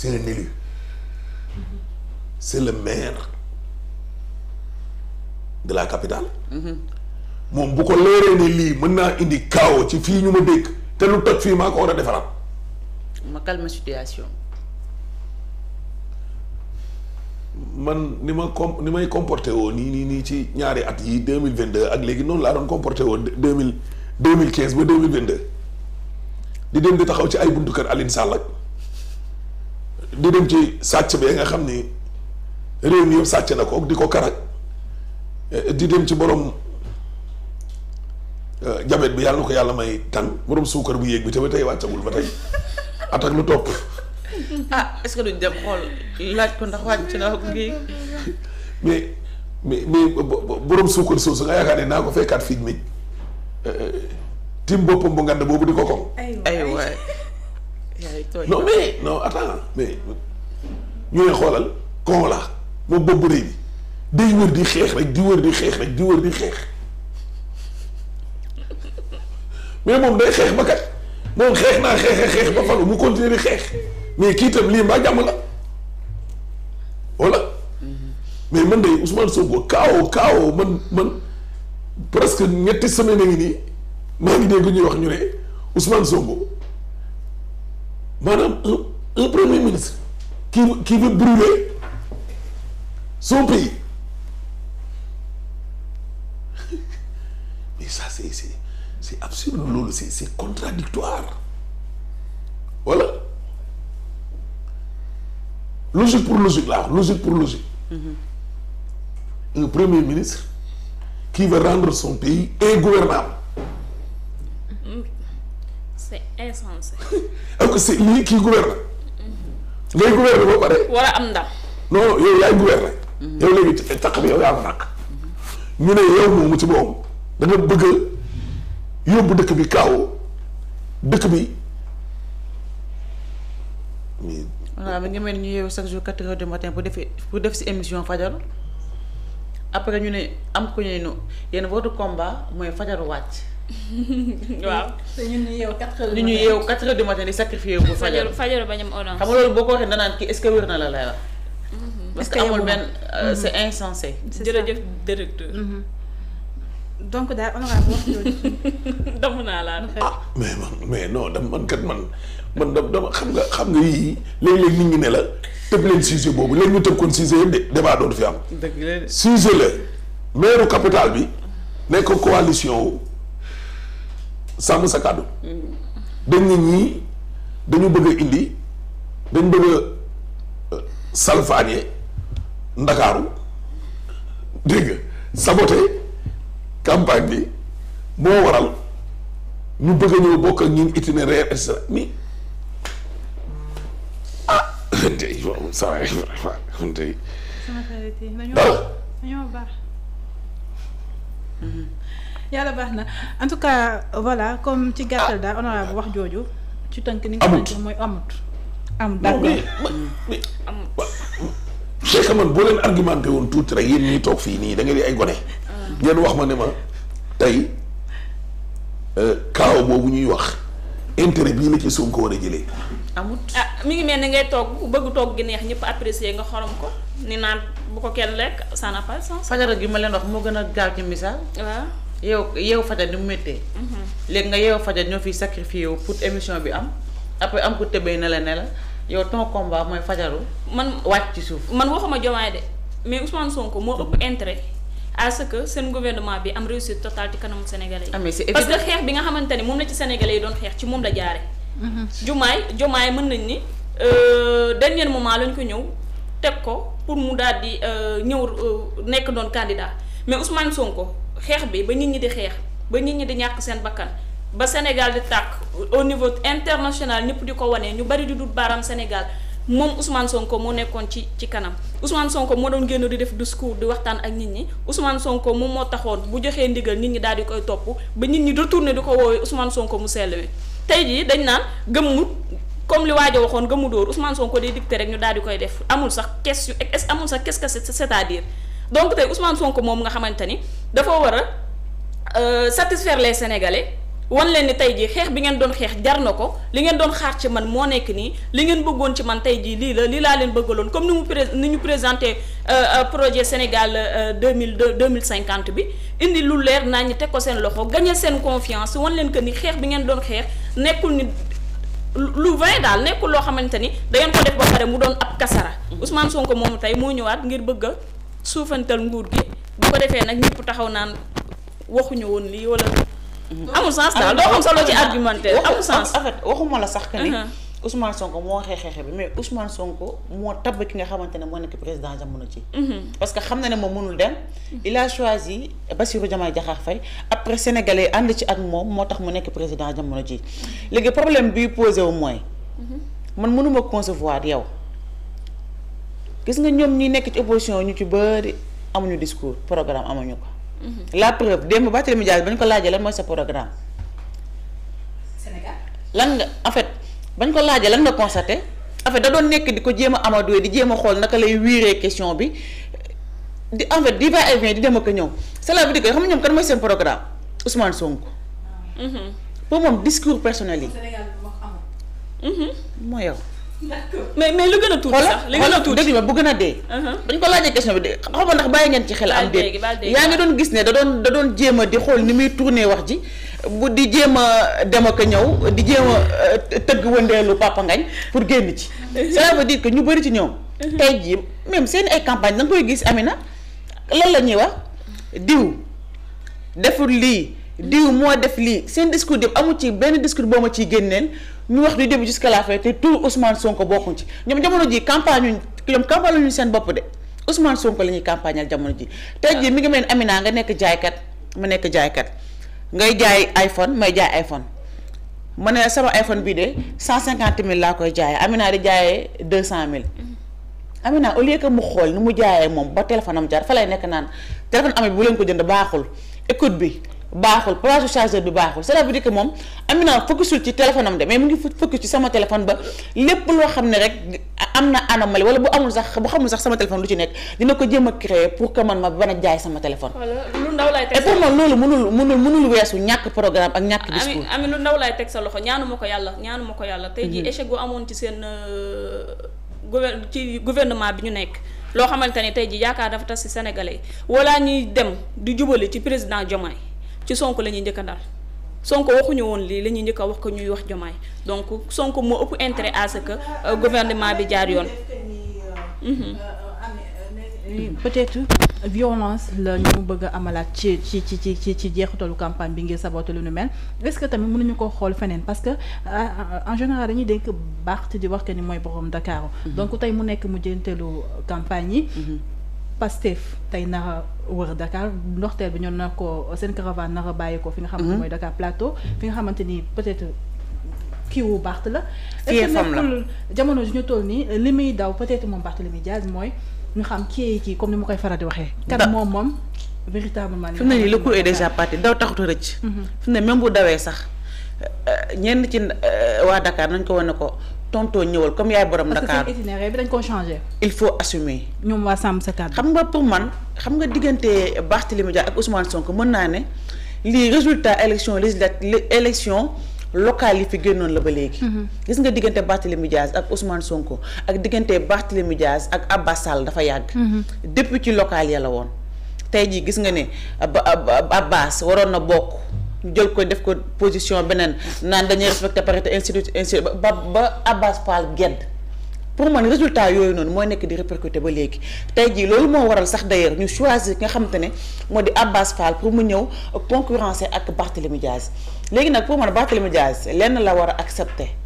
c'est un élu c'est le maire de la capitale moom bu ko leeree ne lii mën naa indi chaos ci fii ñu ma dégg te lu toj fii maa ko war a defaraat ma calme situation man ni ma com ni may comporté woo nii nii nii ci ñaari at yi deux mille vingt deux ak léegi noonu laa doon comporté woo deux mille deux mille quinze ba deux mille vingt deux di dem di taxaw ci ay buntu kër Aline Sall di dem ci sàcc bi nga xam ni réew mi sàcc na ko di ko karaj eh, di dem ci boroom eh, jabet bi yàlla ko yàlla may tan borom suukar bu yéeg bi te ba tey wàccagul ba tey at lu topp. ah est-ce que duñ dem xool laaj ko ndax wàcc na ak ngi mais mais mais borom suukar soosu nga yaakaar ne naa ko fekkaat fii mi eh, tim boppam bu ngand boobu di ko kom non mais non attends mais ñu ne xoolal kon la moom boobu rëy day wër di xeex rek di wër di xeex rek di di xeex mais moom day xeex ba kat moom xeex naa xeex xeex ba falu mu continuer di xeex mais kii itam lii mbaa jàmm la wala mais man de Ousmane Sonko man man presque ñetti semaine a ngi nii ñuy wax ñu ne Ousmane Sonko. maanaam un un premier ministre qui qui veut brûler son pays mais ça c'est c'est c'est absurde loolu c'est c'est contradictoire voilà logique pour logique là logique pour logique mm-hmm. un premier ministre qui veut rendre son pays ingouvernable c'est insensé. alors que c'est lii kii gouverne. Mm-hmm. ngay gouverne boo paree. war am ndam. non yow yaay gouverne. Mm-hmm. yow léegi caq bi yow yaa ko nàkk. ñu ne yow moomu ci moom da bëgg yóbbu dëkk bi kaaw dëkk bi. waaw mi ngi mel ñu yeewu chaque jour quatre heures du matin bu defee bu def si émission fajar après ñu ne am ku ñuy nu yéen votre combat mooy fajaru wàcc. waaw te ñun ñu yeewu 4 heures. ñu ñu yeewu 4 heures du matin di sacrifié bu fajaru fajaru bañ am orange. xam nga loolu boo ko waxee danaan kii est-ce que wér na la lay wax. Mhm. parce que amul benn euh, mhm. c'est insensé. jërëjëf directeur. Mhm. donc daal honorable naa laa ah, ah mais man mais non dam man kat man man da dama xam nga xam nga yii léeg-léeg nit ñi ne la tëb leen sujet boobu léegi ñu tëb kon sujet yëpp de débat dootu fi am. dëgg la sujet la maire bi nekk coalition wu. sàmm sa kàddu dañ ne ñii dañu bëgg indi dañ bëgg euh, salfaañe ndakaaru dégg nga sabote campagne bi moo waral ñu bëgg a bokk ak ñun itinéraire ah tey yàlla baax na en tout cas voilà comme ci gàttal daal honorable wax jooju. ci tënk ni nga xamante mooy amut. amut d'accord c'est que man boo leen argumenté woon tuuti rek yéen ñuy toog fii nii da ngeen ay gone. Ah. ngeen wax ma ne ma tey euh, kaaw boobu ñuy wax intérêt bii la ci Sonko war a jëlee. amut ah mi ngi mel ni ngay toog bëgg toog gi neex ñëpp apprécier nga xorom ko ni naan bu ko kenn lekk ça n'a pas de sens. gi ma leen wax moo gën a gaaw ci misaal. waaw. yow yow fajar ni mu méttee. Mhm. léegi nga yow fajar ñoo fiy sacrifié wu pour émission bi am après am ko tëbee na la ne la yow ton combat mooy fajaru. man wàcc ci suuf. man waxuma jomaay de mais Ousmane Sonko moo ëpp mhm. intérêt. à que seen gouvernement bi am réussite totale ci kanamu sénégalais yi. ah parce que xeex bi nga xamante ni moom la ci sénégalais yi doon xeex ci moom la jaare jumaay mhm. jumaay mën nañ ni dañ euh, dernier moment lañ ko ñëw teg ko pour mu daal di euh, ñëw euh, nekk doon candidat mais Ousmane Sonko. xeex bi ba nit ñi di xeex ba nit ñi di ñàkk seen bakkan ba Sénégal di tàkk au niveau international ñëpp di ko wane ñu bari di dut baaraam Sénégal moom Ousmane Sonko moo nekkoon ci ci kanam Ousmane Sonko moo doon génn di def discours di waxtaan ak nit ñi Ousmane Sonko moom moo taxoon bu joxee ndigal nit ñi daal di koy topp ba nit ñi retourné di ko woowee Ousmane Sonko mu sell wi tey jii dañ naan gëmmu comme li waajo waxoon gëmmu dóor Ousmane Sonko day dicté rek ñu daal di koy def amul sax question amul sax kes ce setaa cest donc tey Ousmane Sonko moom nga xamante ni dafa war a euh, satisfaire les Sénégalais wan leen ni tey jii xeex bi ngeen doon xeex jar na ko li ngeen doon xaar ci man moo nekk nii li ngeen bëggoon ci man tey jii lii la li laa leen bëggaloon comme ni mu pré ni ñu présenté euh, euh, projet Sénégal deux mille deux mille cinquante bi indi lu leer naa ñu teg ko seen loxo gagné seen confiance wan leen que ni xeex bi ngeen doon xeex nekkul ni. lu vain daal nekkul loo xamante ni da ngeen ko def ba pare mu doon ab kasara mm-hmm. Ousmane Sonko moom tey moo ñëwaat ngir bëgg suufantal nguur gi bu ko defee nag ñëpp taxaw naan waxuñu woon lii wala. amul sens daal doo xam solo ci argumentaire amul sens en fait waxuma la sax que ni. Uh-huh. Ousmane Sonko moo xeexeexe bi mais Ousmane Sonko moo tabb ki nga xamante ne moo nekk président jamono ci uh-huh. parce que xam na ne moom mënul dem. Uh-huh. il a choisi Bassirou Diomaye Diakhar fay après sénégalais ànd ci ak moom moo tax mu nekk président jamono ji léegi problème bi posé wu mooy. man mënuma concevoir yow. gis nga ñoom ñi nekk ci opposition ñu ci bëri amuñu discours programme amuñu ko. la preuve démb Barthélémy Dias bañ ko laajee lan mooy sa programme. Sénégal lan nga en fait bañ ko laajee lan nga constaté en fait da doon nekk di ko jéem a amadoué di jéem a xool naka lay wiiree question bi di en fait di va et di dem ak ñëw cela veut dire que xam nga ñoom kan mooy seen programme Ousmane sonk ah pour moom discours personnel yi. Sénégal mhm. moo yow. mais mais lu gën a tuuti sax li gën a tuuti dégg ma bu gën a dee uh-huh. dañ ko laajee question bi de xaw ma ndax bàyyi ngeen ci xel am déet yaa ngi doon gis ne da doon da doon jéem a di xool ni muy tourné wax ji bu di jéem a dem ak ñëw di jéem a uh, tëgg wëndeelu Papa Ngagne pour génn ci cela veut dire que ñu bëri ci ñëw uh-huh. tey jii même seen ay campagne da nga koy gis Amina lan la ñuy wax diw deful lii diw moo def lii seen discours yëpp amul ci benn discours boo ma ciy génneel ñu wax du début jusqu'à la fin te tout Ousmane Sonko bokkuñ ci ñoom jamono ji campagne ñu ñoom campagne la seen bopp de Ousmane Sonko la ñuy campagnal jamono ji tey ji mi ngi mel ni Amina nga nekk jaaykat ma nekk jaaykat ngay jaay iPhone may jaay iPhone ma ne sama iPhone bii de cent cinquante mille laa koy jaayee Amina di jaayee deux cent mille Amina au li que mu xool ni mu jaayee moom ba téléphone am jaar fa lay nekk naan téléphone amee bu leen ko jënd baaxul écoute bi baaxul place chargeur bi baaxul cela veut dire que moom Amina focusul ci téléphone am de mais mu ngi focus ci sama téléphone ba lépp loo xam ne rek am na anomalie wala bu amul sax bu xamul sax sama téléphone lu ci nekk dina ko jéem a créer pour que ma ban a jaay sama téléphone. lu ndaw lay teg et pour moom loolu mënul weesu ñàkk programme ak ñàkk discours. ami lu ndaw lay teg sa loxo ñaanu ma ko yàlla ñaanu ma ko yàlla. tey ji mhm. échec gu amoon ci seen euh, gouver ci gouvernement bi ñu nekk. loo xamante ne tey jii yaakaar dafa tas ci sénégalais wala ñuy dem di jubali ci président Diomaye ci Sonko la ñuy njëkk a dal Sonko waxuñu woon lii la ñuy njëkk a wax ko ñuy wax jomaay donc Sonko moo ëpp intérêt à que euh, gouvernement bi jaar yoon. Mm-hmm. peut-être violence la ñu bëgg amalaat ci ci ci ci ci jeexitalu campagne bi ngir saboté lu nu mel est-ce que tamit mun nañu ko xool feneen parce que euh, en général dañuy dénk te di wax que ni mooy borom Dakar. Mm-hmm. donc tey mu nekk mu jënteelu campagne yi. Mm-hmm. Pastef tey nara wër Dakar ndoxteel bi ñoom nar ko seen caravane nara bàyyi ko fi nga xamante mhm. mooy Dakar Plateau fi nga xamante ni peut-être kii wu Barth la est-ce que nekkul jamono ju ñu toll nii li muy daw peut-être moom Barth li muy jaar mooy ñu xam kii kii comme ni mu koy faral di waxee kan moom moom véritablement fi mu ne nii le coup est déjà parti daw taxut a rëcc mhm. fi mu ne même dawee sax euh, ñenn ci euh, waa dakaar nañ ko wane ko tontoo ñëwal comme yaay borom Dakar parce que changé. il faut assumer. ñoom waa sàmm sa kàddu. xam nga pour man xam nga diggante Barthélémy Dias ak Ousmane Sonko mën naa ne résultat élection législative locale yi fi génnoon la ba léegi. Mhm. gis nga diggante Barthélémy Dias ak Ousmane Sonko ak diggante Barthélémy Dias ak Abbas Sall dafa yàgg. Mhm. depuis ci local ya la woon. tey jii gis nga ne Abbas waroon na bokk. jël ko def ko position beneen naan dañuy respecté parité institut institut ba ba Abbas Fall gedd pour man résultat yooyu noonu mooy nekk di répercuté ba léegi tey jii loolu moo waral sax d'ailleurs ñu choisir nga xamante ne moo di Abbas Fall pour mu ñëw concurrencer ak Barthélémy Diaz léegi nag pour man Barthélémy Diaz lenn la war a accepté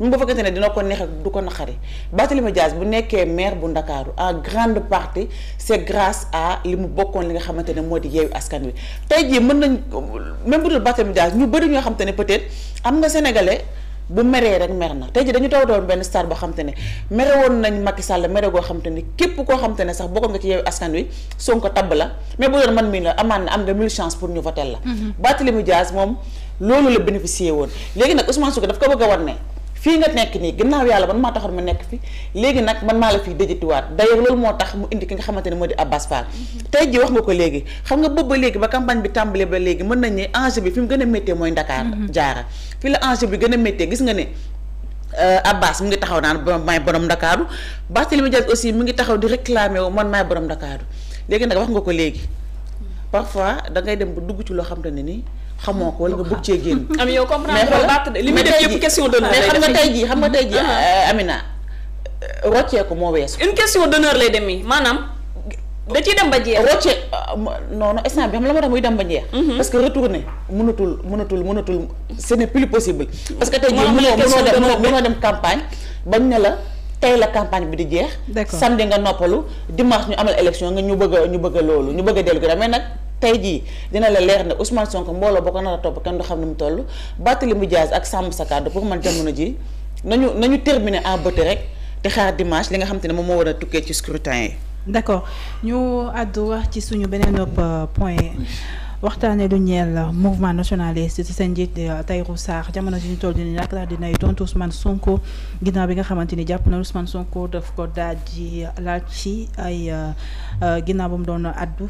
mu ba fekkante ne dina ko neex ak du ko naqari Barthélémy Dias bu nekkee maire bu Ndakaaru en grande partie c'est grâce à li mu bokkoon li nga xamante ne moo di yeewu askan wi tey jii mën nañ même bu dul ne peut na tey jii dañu taw doon benn star boo xamante ne mere woon nañ koo xamante ne sax bokkoon nga ci yeewu askan wi Sonko tabb la mm-hmm. moom loolu la bénéficier woon léegi nag Ousmane Sonko daf ko bëgg a ne fii nga nekk nii ginnaaw yàlla man maa taxoon ma nekk fi léegi nag man maa la fiy dëjëtuwaat d'ailleurs loolu moo tax mu indi ki nga xamante ne moo di Abbas Fall tey ji wax nga ko léegi xam nga boobu ba léegi ba campagne bi tàmbalee ba léegi mën nañ ne enjeu bi fi mu gën a méttee mooy Dakar jaara mhm. fii la enjeu bi gën a méttee gis nga ne euh, Abbas mu ngi taxaw naan maay borom Ndakaaru Barthélémy Dias aussi mu ngi taxaw di réclamer wu man maay borom Ndakaaru léegi nag wax nga ko léegi parfois da ngay ba dugg ci loo xam ne nii xamoo ko wala nga bëgg cee génn. am yow comprendre mais li muy def yëpp question d'honneur xam nga tey jii xam nga tey jii uh-huh. euh, Amina euh, rocceeku moo weesu. une question d'honneur lay demee maanaam. da ciy dem ba jeex. rocce euh, non non bi xam la moo tax muy dem ba jeex. Mm-hmm. parce que retourner mënatul mënatul mënatul ce n'est plus mm-hmm. parce que tey jii mënoo mënoo mënoo dem campagne bañ ne la. tey la campagne bi di jeex. samedi nga noppalu dimanche ñu amal élection nga ñu bëgg ñu bëgg loolu ñu bëgg a dellu gi mais nag. tey jii dina la leer ne Ousmane Sonko mbooloo boo ko nar a topp kenn du xam ne mu toll Barthélémy Dias ak Sàmm Sa Kàddu pour man jamono ji nañu ñu terminer en beauté rek te xaar dimanche li nga xam te ne moom moo war a tukkee ci scrutin yi. d'accord ñu àddu wax ci suñu beneen euh, point. waxtaanee lu ñeel mouvement nationaliste ci seen njiit euh, Tahirou saax jamono ji ñu toll nii nag daal dinay tontu Ousmane Sonko ginnaaw bi nga xamante ni jàpp na Ousmane Sonko daf ko daal di laaj ci ay euh, ginnaaw ba doon a addu